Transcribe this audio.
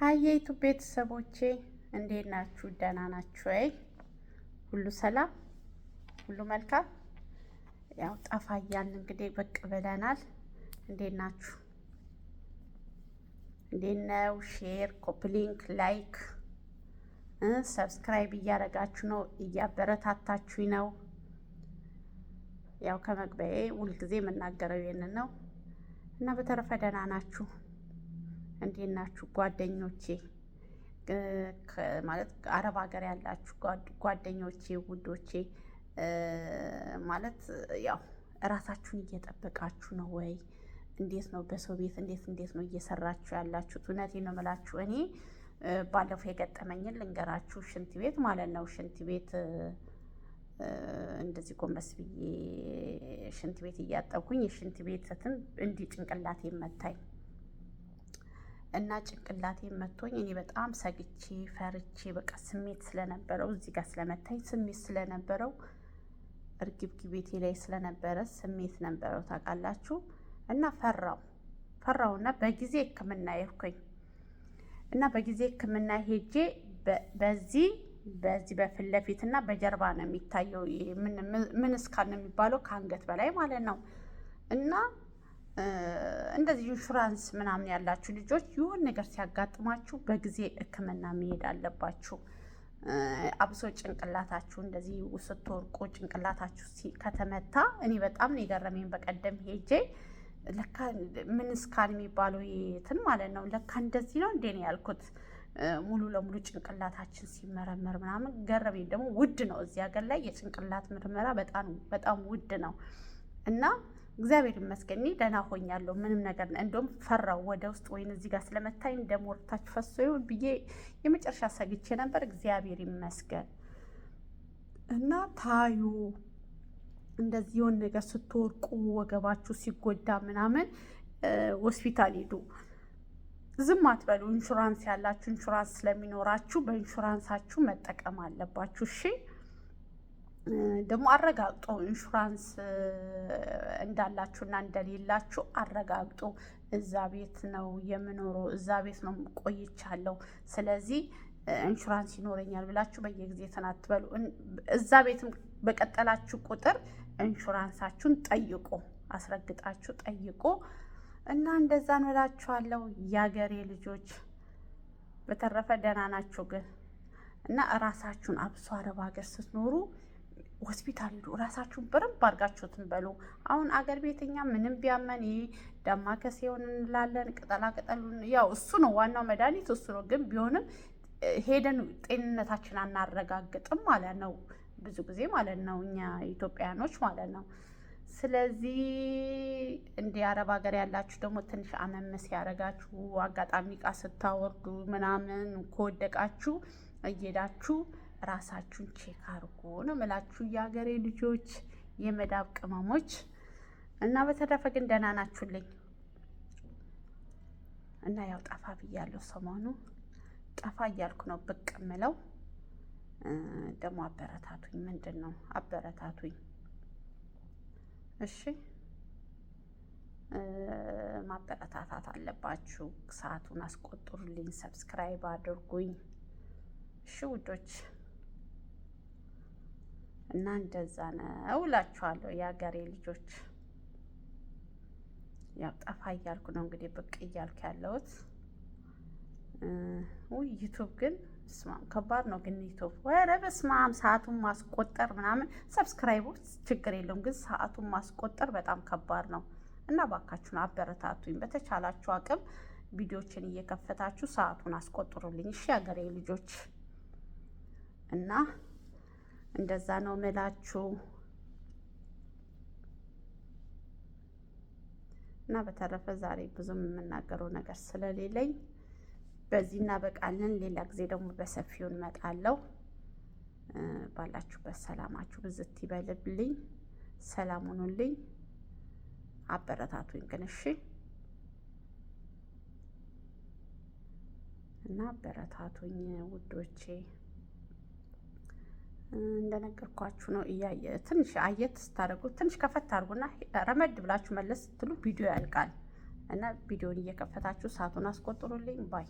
ሀየይቱ ቤተሰቦቼ እንዴት ናችሁ? ደህና ናችሁ ወይ? ሁሉ ሰላም፣ ሁሉ መልካም። ያው ጠፋ እያልን እንግዲህ ብቅ ብለናል። እንዴት ናችሁ? እንዴት ነው? ሼር፣ ኮፕሊንክ፣ ላይክ፣ ሰብስክራይብ እያደረጋችሁ ነው፣ እያበረታታችሁ ነው። ያው ከመግቢያዬ ሁልጊዜ የምናገረው ይህንን ነው እና በተረፈ ደህና ናችሁ? እንዴት ናችሁ ጓደኞቼ? ማለት አረብ ሀገር ያላችሁ ጓደኞቼ፣ ውዶቼ ማለት ያው እራሳችሁን እየጠበቃችሁ ነው ወይ? እንዴት ነው በሰው ቤት እንዴት እንዴት ነው እየሰራችሁ ያላችሁት? እውነቴን ነው የምላችሁ። እኔ ባለፈው የገጠመኝን ልንገራችሁ። ሽንት ቤት ማለት ነው ሽንት ቤት እንደዚህ ጎንበስ ብዬ ሽንት ቤት እያጠብኩኝ የሽንት ቤት እንዲህ ጭንቅላቴ መታኝ። እና ጭንቅላቴ መቶኝ እኔ በጣም ሰግቼ ፈርቼ በቃ ስሜት ስለነበረው እዚህ ጋር ስለመታኝ ስሜት ስለነበረው እርግብግብ ቤቴ ላይ ስለነበረ ስሜት ነበረው ታውቃላችሁ። እና ፈራው ፈራውና በጊዜ ሕክምና የርኩኝ እና በጊዜ ሕክምና ሄጄ በዚህ በዚህ በፊት ለፊት እና በጀርባ ነው የሚታየው ምን እስካል ነው የሚባለው ከአንገት በላይ ማለት ነው እና እንደዚህ ኢንሹራንስ ምናምን ያላችሁ ልጆች ይሁን ነገር ሲያጋጥማችሁ በጊዜ ሕክምና መሄድ አለባችሁ። አብሶ ጭንቅላታችሁ እንደዚህ ስትወርቁ ጭንቅላታችሁ ከተመታ እኔ በጣም ነው የገረመኝ። በቀደም ሄጄ ለካ ምን ስካን የሚባለው የትን ማለት ነው ለካ እንደዚህ ነው እንዴ ነው ያልኩት። ሙሉ ለሙሉ ጭንቅላታችን ሲመረመር ምናምን ገረመኝ። ደግሞ ውድ ነው እዚህ ሀገር ላይ የጭንቅላት ምርመራ በጣም ውድ ነው እና እግዚአብሔር ይመስገን ደህና ሆኛለሁ። ምንም ነገር እንደውም ፈራው ወደ ውስጥ ወይን እዚህ ጋር ስለመታኝ ደም ወርታች ፈሶ ይሁን ብዬ የመጨረሻ ሰግቼ ነበር። እግዚአብሔር ይመስገን እና ታዩ እንደዚህ የሆን ነገር ስትወርቁ ወገባችሁ ሲጎዳ ምናምን ሆስፒታል ሄዱ። ዝም አትበሉ። ኢንሹራንስ ያላችሁ ኢንሹራንስ ስለሚኖራችሁ በኢንሹራንሳችሁ መጠቀም አለባችሁ። እሺ ደግሞ አረጋግጦ ኢንሹራንስ እንዳላችሁና እንደሌላችሁ አረጋግጦ እዛ ቤት ነው የምኖረው፣ እዛ ቤት ነው ቆይቻለሁ፣ ስለዚህ ኢንሹራንስ ይኖረኛል ብላችሁ በየጊዜ ተናትበሉ። እዛ ቤትም በቀጠላችሁ ቁጥር ኢንሹራንሳችሁን ጠይቆ አስረግጣችሁ ጠይቆ እና እንደዛ እንላችኋለሁ የአገሬ ልጆች። በተረፈ ደህና ናችሁ ግን እና እራሳችሁን አብሶ አረብ ሀገር ስትኖሩ ሆስፒታል ሂዱ፣ እራሳችሁን በረብ አድርጋችሁትን በሉ። አሁን አገር ቤተኛ ምንም ቢያመን ይሄ ዳማከሴ እንላለን፣ ቅጠላቅጠሉን ያው እሱ ነው ዋናው መድኃኒት እሱ ነው። ግን ቢሆንም ሄደን ጤንነታችን አናረጋግጥም ማለት ነው፣ ብዙ ጊዜ ማለት ነው፣ እኛ ኢትዮጵያኖች ማለት ነው። ስለዚህ እንዲህ አረብ ሀገር ያላችሁ ደግሞ ትንሽ አመመስ ሲያደርጋችሁ አጋጣሚ እቃ ስታወርዱ ምናምን ከወደቃችሁ እየሄዳችሁ ራሳችሁን ቼክ አድርጎ ነው ምላችሁ የሀገሬ ልጆች የመዳብ ቅመሞች እና በተረፈ ግን ደህና ናችሁልኝ። እና ያው ጠፋ ብያለሁ። ሰሞኑ ጠፋ እያልኩ ነው ብቅ ምለው። ደግሞ አበረታቱኝ። ምንድን ነው አበረታቱኝ? እሺ ማበረታታት አለባችሁ። ሰዓቱን አስቆጥሩልኝ። ሰብስክራይብ አድርጉኝ። እሺ ውዶች እና እንደዛ ነው እላችኋለሁ የሀገሬ ልጆች። ያው ጠፋ እያልኩ ነው እንግዲህ ብቅ እያልኩ ያለሁት። ውይ ዩቱብ ግን ስማም ከባድ ነው ግን ዩቱብ ወረ በስማም ሰዓቱን ማስቆጠር ምናምን ሰብስክራይቡ ችግር የለውም ግን ሰዓቱን ማስቆጠር በጣም ከባድ ነው እና ባካችሁን አበረታቱኝ። በተቻላችሁ አቅም ቪዲዮችን እየከፈታችሁ ሰዓቱን አስቆጥሩልኝ እሺ ሀገሬ ልጆች እና እንደዛ ነው ምላችሁ እና በተረፈ ዛሬ ብዙም የምናገረው ነገር ስለሌለኝ በዚህ እናበቃለን። ሌላ ጊዜ ደግሞ በሰፊው እንመጣለሁ። ባላችሁበት ሰላማችሁ ብዝት ይበልብልኝ። ሰላም ሁኑልኝ። አበረታቱኝ ግን እሺ እና አበረታቱኝ ውዶቼ። እንደነገርኳችሁ ነው። እያየ ትንሽ አየት ስታደርጉ ትንሽ ከፈት አድርጉና ረመድ ብላችሁ መለስ ስትሉ ቪዲዮ ያልቃል እና ቪዲዮን እየከፈታችሁ ሰዓቱን አስቆጥሩልኝ ባይ